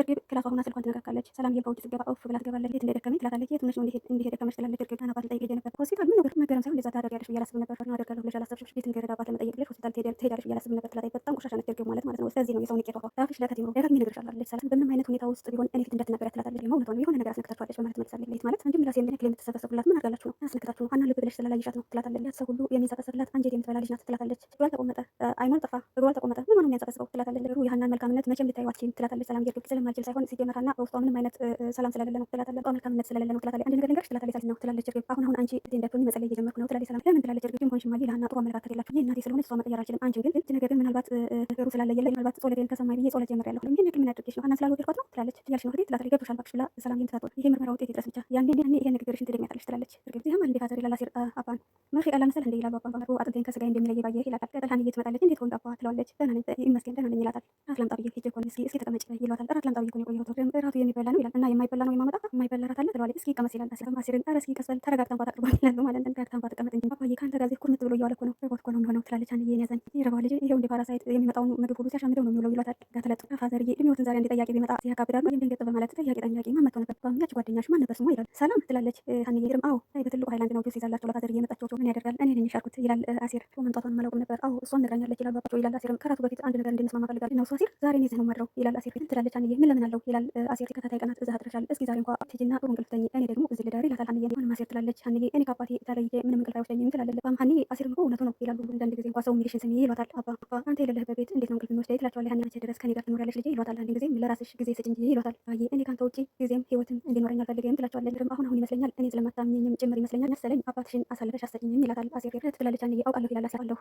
እርግብ ክላሷ ሆና ስልኳን ትነካካለች። ሰላምዬ በውጭ ስትገባ ኦፍ ብላ ትገባለች። እንዴት እንደደከመኝ ትላታለች። የት ሆነሽ ነው እንዲህ የደከመሽ ትላለች። እርግብ ና ባል ጠይቅ ነበር ሆስፒታል ምን ነገር መገረም ሳይሆን እንደዛ ታደርጊያለሽ ብዬሽ አላስብም ነበር። ፈተና አደርጋለሁ ብለሽ አላሰብሽም። ቤት እንገረዳባት መጠየቅልሽ ሆስፒታል ትሄጃለሽ ብያለሁ ስብል ነበር ትላት። በጣም ቆሻሻ ነች ርግብ ማለት ማለት ነው። ስለዚህ ነው የሰውን ቄሮ ራፍሽ ላይ ተዲሮ ደጋግሜ እነግርሻለሁ አለች ሰላም። በምንም አይነት ሁኔታ ውስጥ ቢሆን እኔ ፊት እንዳትናገሪያት ትላታለች። ደግሞ እውነቷን የሆነ ነገር አስነክታችኋለች በማለት ትመልሳለች። ሌት ማለት እንዲሁም ምላሴ የሚነክል የምትሰፈሰፉላት ምን አድርጋላችሁ ነው አስነክታችሁ ነው? አና ልብ ብለሽ ስላላየሻት ነው ትላታለች። ያት ሰው ሁሉ የሚንሰፈሰፍላት አንጀት የምትበላ ልጅ ናት ትላታለች። እግሯ ተቆመጠ፣ አይኗን ጠፋ፣ እግሯ ተቆመጠ፣ ምን ነው የሚያንሰፈስበው ትላታለች። ነገሩ የሀናን መልካምነት መቼም ልታዩ አትችይም ትላታለች። ሰላም ርግብ ስለማልችል ሳይሆን ሲጀመር ሀና በውስጧ ምንም አይነት ሰላም ስለሌለ ነው ትላታለች። በውስጧ መልካምነት ስለሌለ ነው ትላታለች። አንድ ነገር ልንገርሽ ትላታለች። ሳልት ነው ትላለች ርግብ። አሁን አሁን አንቺ እንዳትሆኚ መጸለይ እየጀመርኩ ነው ትላለች ሰላም። ለምን ትላለች ርግብ። ሆንሽማ ይልሀና ጥሩ አመለካከት የላችሁ እናቴ ስለሆነ እሷ መቀየር አልችልም። አንቺን ግን ነገር ግን ምናልባት ነገሩ ስላለየለ ምናልባት ጸሎቴን ከሰማይ ብዬ ጸሎት ጀምሬያለሁ። ግን ንግድ ምን አድርጌሽ ነው ሀናን ስላልወደድኳት ነው ትላለች። እያልሽ ነው ትላታለች። ገብቶሻል እባክሽ ብላ ሰላም ይሄ ምርመራ ውጤት ይድረስ ብቻ ያኔ ይሄ ንግግርሽን ትደግሚያታለሽ ትላለች። እርግጥ ይህም አንዴ ካዘር ላላሲር አባን ማኺ ቀለም መሰል እንደ ይላል አባባ ባህሩ አጥገኝ ከስጋዬ እንደሚለይ ባየ ይላታል። ቀጠልሃን እየትመጣለች እንዴት ሆንክ አባ ትለዋለች። ደህና ነኝ ይመስገን ደህና ነኝ ይላታል። ራት ላምጣ ብዬ ሄጄ እኮ እስኪ እስኪ ተቀመጭ ይሏታል። ራት ላምጣ ብዬ እኮ የቆየሁት እራቱ የሚበላ ነው ይላል። እና የማይበላ ነው የማመጣ የማይበላ ራት አለ ትለዋለች። እስኪ ቀመስ ይላል። አሲርን ኧረ እስኪ ቀስ በል ተረጋግታ እንኳ ታቅርቧል ይላሉ ማለት ነው። ተረጋግታ እንኳ ተቀመጥ እንጂ አባዬ ከአንተ ጋር እዚህ ኩርምት ብሎ እየዋለ እኮ ነው ርቦት እኮ ነው የሚሆነው ትላለች። አንዬን ያዘኝ ይረባው ልጅ ይኸው እንደ ፓራሳይት የሚመጣውን ምግብ ሁሉ ሲያሻምደው ነው የሚውለው ይሏታል። ጋር ተለጥ ፋዘርዬ እድሜዎትን ዛሬ እንደ ጠያቂ ቢመጣ ያካብዳሉ። ይህም ደንገጥ በማለት ጠያቂ ጠያቂ ማመጥተው ነበር። ያች ጓደኛሽ ማን ነበር ስሟ ይላል። ሰላም ትላለች። ሀንዬ ድርም አዎ በትልቁ ሀይላንድ ነው ጁስ ይዛላቸው ለፋዘርዬ የመጣቸው ምን ያደርጋል እኔ ነኝ የሻርኩት ይላል አሲር። መምጣቷን ማላውቅም ነበር። አዎ እሷም ነግራኛለች ይላል አባባቸው ይላል አሲርም። ከራሱ በፊት አንድ ነገር እንድንስማማ ፈልጋል ነው አሲር። ዛሬ እኔ እዚህ ነው የማድረው ይላል አሲር። ትላለች አንዬ ምን ለምን አለው ይላል አሲር። ተከታታይ ቀናት እዛ አድረሻል። እስኪ ዛሬ እንኳ ትጅና ጥሩ እንቅልፍ ተኝ፣ እኔ ደግሞ እዚህ ልደር ይላታል አንዬ። አሁንም አሲር ትላለች አንዬ እኔ ከአባቴ ተለይቼ ምንም እንቅልፍ አይወስደኝም ትላለች አንዬ። አሲርም እኮ እውነቱ ነው ይላሉ። አንዳንድ ጊዜ እንኳ ሰው የሚልሽን ስሚ ይሏታል። አባ አባ አንተ የሌለህበት ቤት እንዴት ነው እንቅልፍ የሚወስደኝ ትላቸዋለች አንዬ። መቼ ድረስ ከኔ ጋር ትኖሪያለሽ ልጄ ይሏታል። አንድ ጊዜም ለራስሽ ጊዜ ስጭ እንጂ ይሏታል። አዬ እኔ ካንተ ውጪ ጊዜም ህይወትም እንዲኖረኝ አልፈልግም ትላቸዋለች። አሁን አሁን ይመስለኛል እኔ ስለማታምኝም ጭምር ይመስለኛል መሰለኝ አባትሽን አሳልፈሽ አሰጭ አልተሰማኝም ይላታል። አሴር ትላለች አንዬ አውቃለሁ ይላል። አሴር አለሁ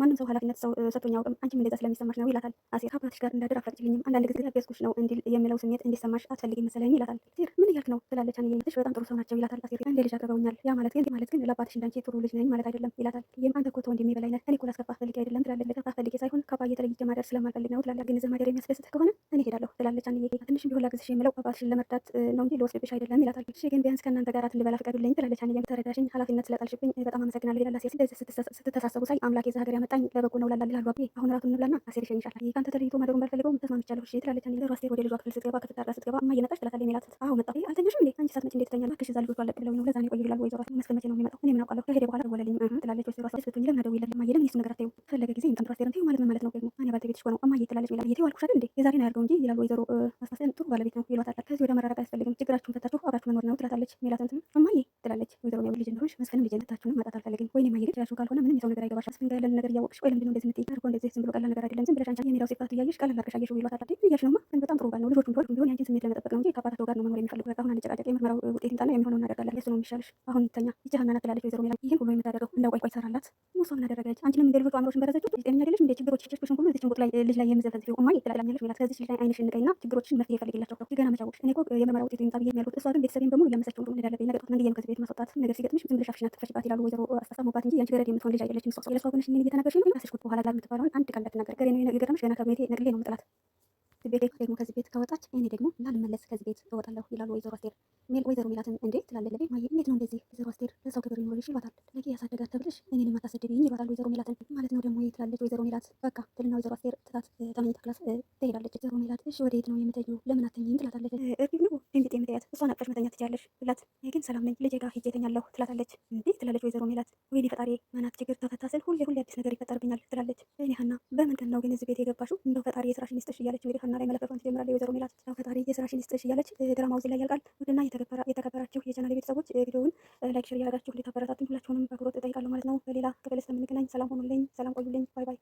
ማንም ሰው ኃላፊነት ሰው ሰጥቶኝ አውቅም፣ አንቺም እንደዛ ስለሚሰማሽ ነው ይላታል። አሴር ከአባትሽ ጋር እንዳድር አፈቅጂልኝም አንዳንድ ጊዜ ያገዝኩሽ ነው እንዲል የሚለው ስሜት እንዲሰማሽ አትፈልጊ መሰለኝ ይላታል። አሴር ምን እያልክ ነው ትላለች አንዬ። ልጅሽ በጣም ጥሩ ሰው ናቸው ይላታል። አሴር አንዴ ልጅ አቅርበውኛል፣ ያ ማለት ግን ማለት ግን ለአባትሽ እንዳንቺ ጥሩ ልጅ ነኝ ማለት አይደለም ይላታል። ይህም አንተ እኮ ተው ወንድሜ በላይ ነህ፣ እኔ እኮ ላስከፋህ ፈልጌ አይደለም ትላለች። ለከፋህ ፈልጌ ሳይሆን ከአባዬ ተለይቼ ማደር ስለማልፈልግ ነው ትላለች። ግን እዚህ ማደር የሚያስደስትህ ከሆነ እኔ ሄዳለሁ ትላለች አንዬ። ትንሽ ቢሆን ላግዝሽ የምለው አባትሽን ለመርዳት ነው እንጂ ልወስድብሽ አይደለም ይላታል። እሺ ግን ቢያንስ ከእናንተ ጋር ትልበላ ፍቀዱልኝ ትላለች አንዬ። ተረዳሽኝ ኃላፊነት ስለጣልሽብኝ በጣም በጣም አመሰግናለሁ ይላል አሴር። ስለዚህ ስትተሳሰቡ ሳይ አምላክ የዛ ሀገር ያመጣኝ ለበጎ ነው ላላል ይላል ባቢ። አሁን እራቱን እንብላና አሴር ይሸኝሻል። ከአንተ ተለይቶ ማደሩን ባልፈልገውም ተስማምቻለሁ እሺ ትላለች። ሌሎ አሴር ወደ ልጇ ክፍል ስትገባ ከፍታ ጋር ስትገባ እማዬ መጣሽ ትላታለች ሜላት። አዎ መጣሁ። አልተኛሽም እንዴ አንቺ ሳትመጪ እንዴት ተኛለሁ? እባክሽ እዛ ልጆቹ አለቅ ብለውኝ ነው ለዛ ነው የቆየሁ ይላል ወይዘሮ አሴር። መስከመቼ ነው የሚመጣው እኔ ምን አውቃለሁ። ከሄደ በኋላ ደወለልኝ ትላለች ወይዘሮ አሴር። ስትሆኝ ለምን አደወለልኝ? እማዬ ለምን የእሱን ነገር አታይው? ፈለገ ጊዜ ይምጣ አሴርን ተይው ማለት ምን ማለት ነው? ደግሞ እኔ ባለቤትሽ እኮ ነው እማዬ ትላለች ሜላት። የትይው አልኩሽ አይደል እንዴ የዛሬን አያድርገው እንጂ ይላል ወይዘሮ አስታሰን። ጥሩ ባለቤት ነው ይሏታል። ከዚህ ወደ መራራቅ አያስፈልግም። ችግራችሁን ፈታችሁ አብራችሁ መኖር ነው ትላታለች ሜላትን። እማዬ ትላለች ወይዘሮ ልጅ እንደሆንሽ መስፍንም ልጅ እንደታችሁ ነው ማጣት አልፈልግም። ወይኔ ማየት ጭራሹ ካልሆነ ምንም የሰው ነገር አይገባሽ። አስፈንጋ ያለን ነገር እያወቅሽ ወይ ለምንድነው እንደዚህ የምትይ? አድርጎ እንደዚህ ዝም ብሎ ቀላል ነገር አይደለም። ዝም ብለሽ አንቺ የሚለው ሴት እያየሽ ቀላል አድርገሽ አየሽው ይሏታል። አዳዴ እያልሽ ነውማ። በጣም ጥሩ ባል ነው። ልጆቹም ቢሆን ቢሆን የአንቺን ስሜት ለመጠበቅ ነው እንጂ ከአባታቸው ጋር ነው መኖር የሚፈልጉ። በቃ አሁን አንጨቃጨቅ፣ የምርመራው ውጤት ይምጣና የሚሆነውን እናደርጋለን። የሱ ነው የሚሻልሽ። አሁን ይተኛ። ይቺ ሀናናት ትላለች ወይዘሮ ሜላት። ይህን ሁሉ የምታደርገው እንዳውቋይ ቆይ ሰራላት። ሙሶ ምን አደረገች? አንቺንም እንደ ልጆቹ አእምሮሽን በረዘችው። ጤነኛ አይደለሽ እንደ ችግሮችሽን ሁሉ እዚህ ጭንቁት ላይ ልጅ ላይ የምዘፈዝፊው እማዬ ትላለች ሜላት። ከዚች ልጅ ላይ አይንሽ ንቀይና ችግሮችን መፍትሄ ፈልግላቸው ነው ገና መጫወቅሽ። እኔ እኮ የምርመራው ውጤት ይምጣ ብዬ የሚያልኩት እሷ ግን ቤተሰቤን በሙሉ እያመሰችው እንደሆነ ትላለች። ነገ ነው ከዚህ ቤት ማስወጣት ነገር ሲገጥምሽ ዝም ብለሽ አፍሽን አትክፈችባት ይላሉ ወይዘሮ ወይዘሮ አስታሳሙባት እንጂ ያንቺ ገረድ የምትሆን ልጅ አይደለችም። ሰው የለሷ ጎንሽ ይህን እየተናገርሽ ነው። ራስሽ በኋላ ላግ የምትባለውን አንድ ቀን እንዳትናገር ገሬ ነው የገረምሽ። ገና ከቤቴ ነቅሌ ነው የምጥላት። ቤቴ ደግሞ ከዚህ ቤት ከወጣች እኔ ደግሞ ላልመለስ ከዚህ ቤት እወጣለሁ ይላሉ ወይዘሮ አስቴር። ሜል ወይዘሮ ሜላትን እንዴ ትላለች። ለቤት ማየ እንዴት ነው እንደዚህ ወይዘሮ አስቴር ለሰው ክብር ይኖርሽ ይሏታል። ለጌ ያሳደጋት ተብልሽ እኔን የማታሰድብኝ ይሏታል ወይዘሮ ሜላትን ማለት ነው ደግሞ ትላለች ወይዘሮ ሜላት። በቃ ትልና ወይዘሮ አስቴር ትታት ተመኝታ ክላስ ትሄዳለች። ወይዘሮ ሜላት እሺ ወደ የት ነው የምትሄጂው? ለምን አትተኝም? ትላታለች። እርግጥ ነው ድንግጥ የምትያት እሷን አቅፈሽ መተኛት ትችያለሽ ብላት እኔ ግን ሰላም ነኝ ልጄ ጋር ሂጅ የተኛለሁ ትላታለች። እንዲህ ትላለች ወይዘሮ ሜላት። ወይኔ ፈጣሪ መናት ችግር ተፈታ ስል ሁሌ ሁሌ አዲስ ነገር ይፈጠርብኛል ትላለች። እኔ ሀና በምንድን ነው ግን እዚህ ቤት የገባሽው? እንደው ፈጣሪ የስራሽን ይስጥሽ እያለች እንግዲህ ሀና ላይ መለፈፈን ትጀምራለች ወይዘሮ ሜላት። ያው ፈጣሪ የስራሽን ይስጥሽ እያለች ድራማው እዚህ ላይ ያልቃል። ውድና የተከበራችሁ የቻናል ቤተሰቦች ቪዲዮውን ላይክ፣ ሼር እያደረጋችሁ ልታበረታቱኝ ሁላችሁንም በአክብሮት እጠይቃለሁ ማለት ነው። በሌላ ክፍል እስከምንገናኝ ሰላም ሆኑልኝ፣ ሰላም ቆዩልኝ። ባይ ባይ።